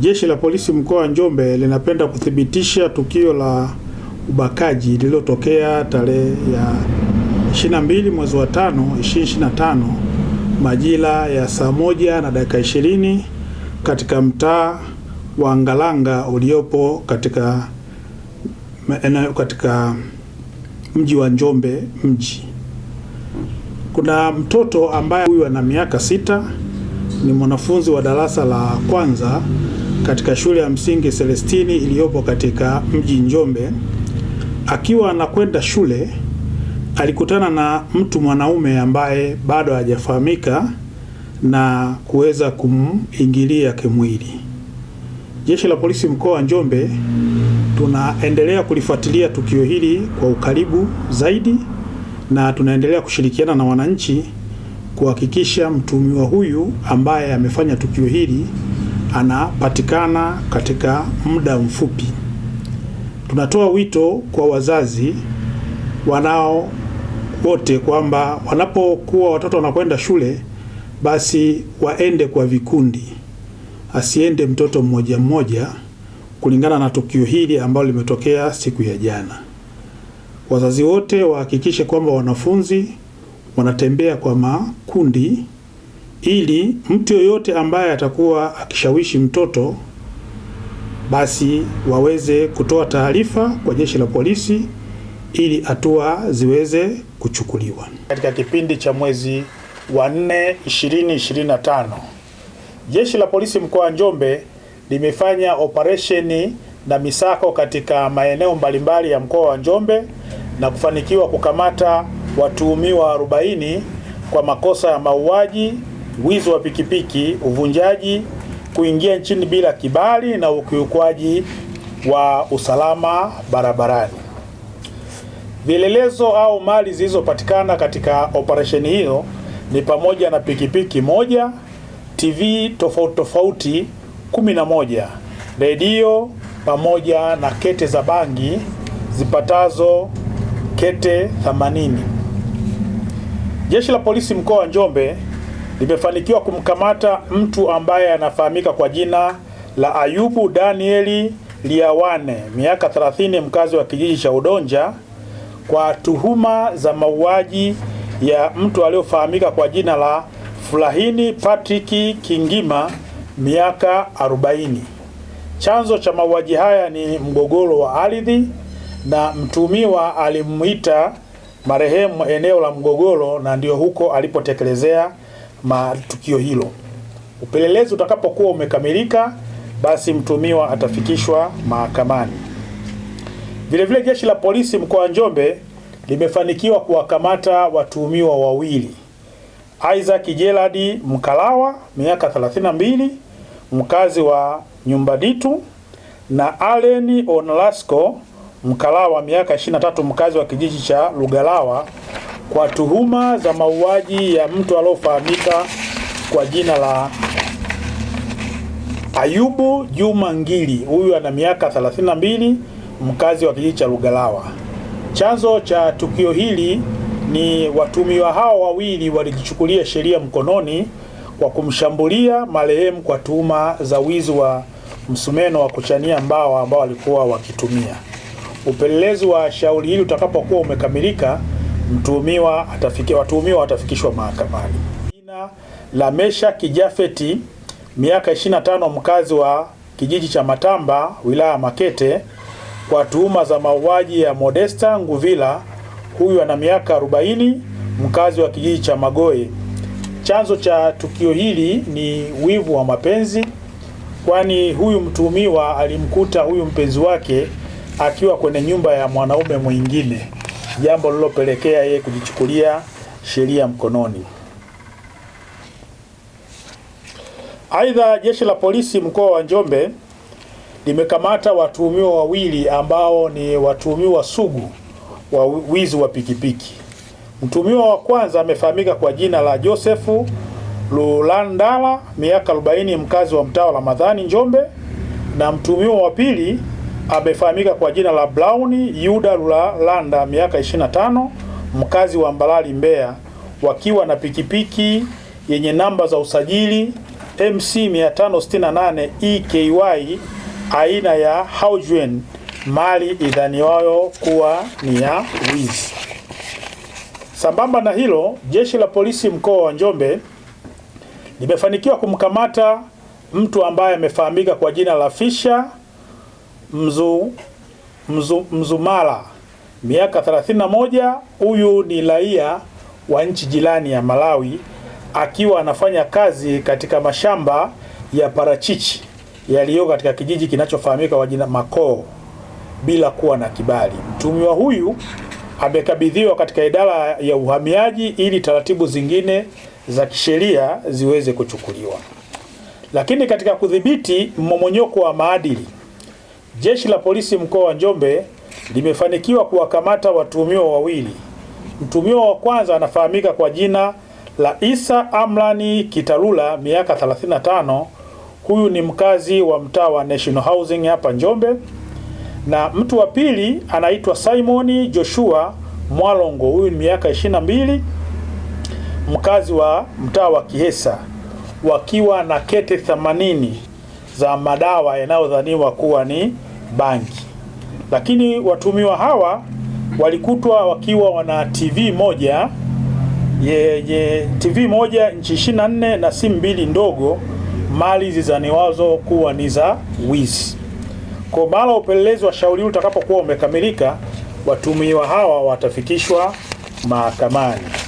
Jeshi la polisi mkoa wa Njombe linapenda kuthibitisha tukio la ubakaji lililotokea tarehe ya 22 mwezi wa 5 2025 majira ya saa moja na dakika 20 katika mtaa wa Ngalanga uliopo katika katika mji wa Njombe mji. Kuna mtoto ambaye huyu ana miaka sita, ni mwanafunzi wa darasa la kwanza katika shule ya msingi Selestini iliyopo katika mji Njombe. Akiwa anakwenda shule alikutana na mtu mwanaume ambaye bado hajafahamika na kuweza kumingilia kimwili. Jeshi la polisi mkoa wa Njombe tunaendelea kulifuatilia tukio hili kwa ukaribu zaidi na tunaendelea kushirikiana na wananchi kuhakikisha mtuhumiwa huyu ambaye amefanya tukio hili anapatikana katika muda mfupi. Tunatoa wito kwa wazazi wanao wote kwamba wanapokuwa watoto wanakwenda shule, basi waende kwa vikundi, asiende mtoto mmoja mmoja, kulingana na tukio hili ambalo limetokea siku ya jana. Wazazi wote wahakikishe kwamba wanafunzi wanatembea kwa makundi ili mtu yoyote ambaye atakuwa akishawishi mtoto basi waweze kutoa taarifa kwa jeshi la polisi ili hatua ziweze kuchukuliwa. Katika kipindi cha mwezi wa 4 2025, jeshi la polisi mkoa wa Njombe limefanya operesheni na misako katika maeneo mbalimbali ya mkoa wa Njombe na kufanikiwa kukamata watuhumiwa 40 kwa makosa ya mauaji wizi wa pikipiki, uvunjaji, kuingia nchini bila kibali na ukiukwaji wa usalama barabarani. Vielelezo au mali zilizopatikana katika operesheni hiyo ni pamoja na pikipiki moja, TV tofauti tofauti 11, redio pamoja na kete za bangi zipatazo kete 80. Jeshi la Polisi mkoa wa Njombe limefanikiwa kumkamata mtu ambaye anafahamika kwa jina la Ayubu Danieli Liawane, miaka 30, mkazi wa kijiji cha Udonja kwa tuhuma za mauaji ya mtu aliyofahamika kwa jina la Fulahini Patrick Kingima, miaka 40. Chanzo cha mauaji haya ni mgogoro wa ardhi na mtumiwa alimuita marehemu eneo la mgogoro na ndiyo huko alipotekelezea matukio hilo. Upelelezi utakapokuwa umekamilika, basi mtumiwa atafikishwa mahakamani. Vilevile jeshi la polisi mkoa wa Njombe limefanikiwa kuwakamata watuhumiwa wawili Isaac Jeradi Mkalawa miaka 32 mkazi wa Nyumbaditu na aleni Onlasco Mkalawa miaka 23 mkazi wa kijiji cha Lugalawa kwa tuhuma za mauaji ya mtu aliyofahamika kwa jina la Ayubu Juma Ngili, huyu ana miaka 32, mkazi wa kijiji cha Lugalawa. Chanzo cha tukio hili ni watumiwa hao wawili walijichukulia sheria mkononi kwa kumshambulia marehemu kwa tuhuma za wizi wa msumeno wa kuchania mbao ambao walikuwa wakitumia. Upelelezi wa shauri hili utakapokuwa umekamilika mtuhumiwa atafikia watuhumiwa watafikishwa mahakamani. Jina la mesha kijafeti miaka 25, mkazi wa kijiji cha Matamba, wilaya ya Makete, kwa tuhuma za mauaji ya Modesta Nguvila. Huyu ana miaka 40, mkazi wa kijiji cha Magoe. Chanzo cha tukio hili ni wivu wa mapenzi, kwani huyu mtuhumiwa alimkuta huyu mpenzi wake akiwa kwenye nyumba ya mwanaume mwingine jambo lilopelekea yeye kujichukulia sheria mkononi. Aidha, jeshi la polisi mkoa wa Njombe limekamata watuhumiwa wawili ambao ni watuhumiwa sugu wa wizi wa pikipiki. Mtuhumiwa wa kwanza amefahamika kwa jina la Josefu Lulandala, miaka 40, mkazi wa mtaa wa Ramadhani Njombe, na mtuhumiwa wa pili amefahamika kwa jina la Brown Yuda Lulalanda, miaka 25, mkazi wa Mbalali, Mbeya, wakiwa na pikipiki yenye namba za usajili MC 568 EKY aina ya Haujuen, mali idhaniwayo kuwa ni ya wizi. Sambamba na hilo, jeshi la polisi mkoa wa Njombe limefanikiwa kumkamata mtu ambaye amefahamika kwa jina la Fisha mzu, mzu, Mzumala miaka 31. Huyu ni raia wa nchi jirani ya Malawi akiwa anafanya kazi katika mashamba ya parachichi yaliyo katika kijiji kinachofahamika kwa jina Makoo bila kuwa na kibali. Mtumiwa huyu amekabidhiwa katika idara ya uhamiaji ili taratibu zingine za kisheria ziweze kuchukuliwa. Lakini katika kudhibiti mmomonyoko wa maadili Jeshi la Polisi mkoa wa Njombe limefanikiwa kuwakamata watuhumiwa wawili. Mtuhumiwa wa kwanza anafahamika kwa jina la Isa Amlani Kitalula, miaka 35. Huyu ni mkazi wa mtaa wa National Housing hapa Njombe, na mtu wa pili anaitwa Simon Joshua Mwalongo, huyu ni miaka 22, mkazi wa mtaa wa Kihesa, wakiwa na kete 80 za madawa yanayodhaniwa kuwa ni bangi, lakini watumiwa hawa walikutwa wakiwa wana TV moja yenye TV moja nchi 24 na simu mbili ndogo, mali zizaniwazo kuwa ni za wizi. Kwa mara upelelezi wa shauri utakapokuwa umekamilika, watumiwa hawa watafikishwa mahakamani.